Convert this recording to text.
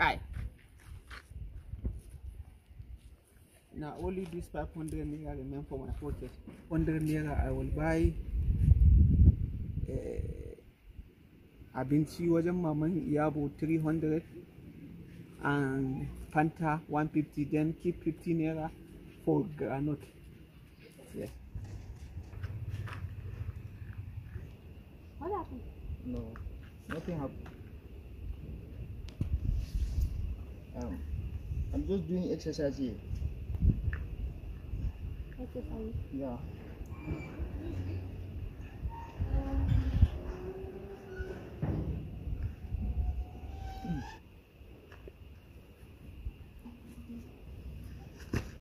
Aye. Now only this 500 naira remain for my purchase. 100 naira I will buy uh, abinci wajen maman have 300 and panta 150 then keep 50 naira for granite. Yes. What happened? No, nothing happened. Um, I'm just doing exercise here. Exercise? Yeah.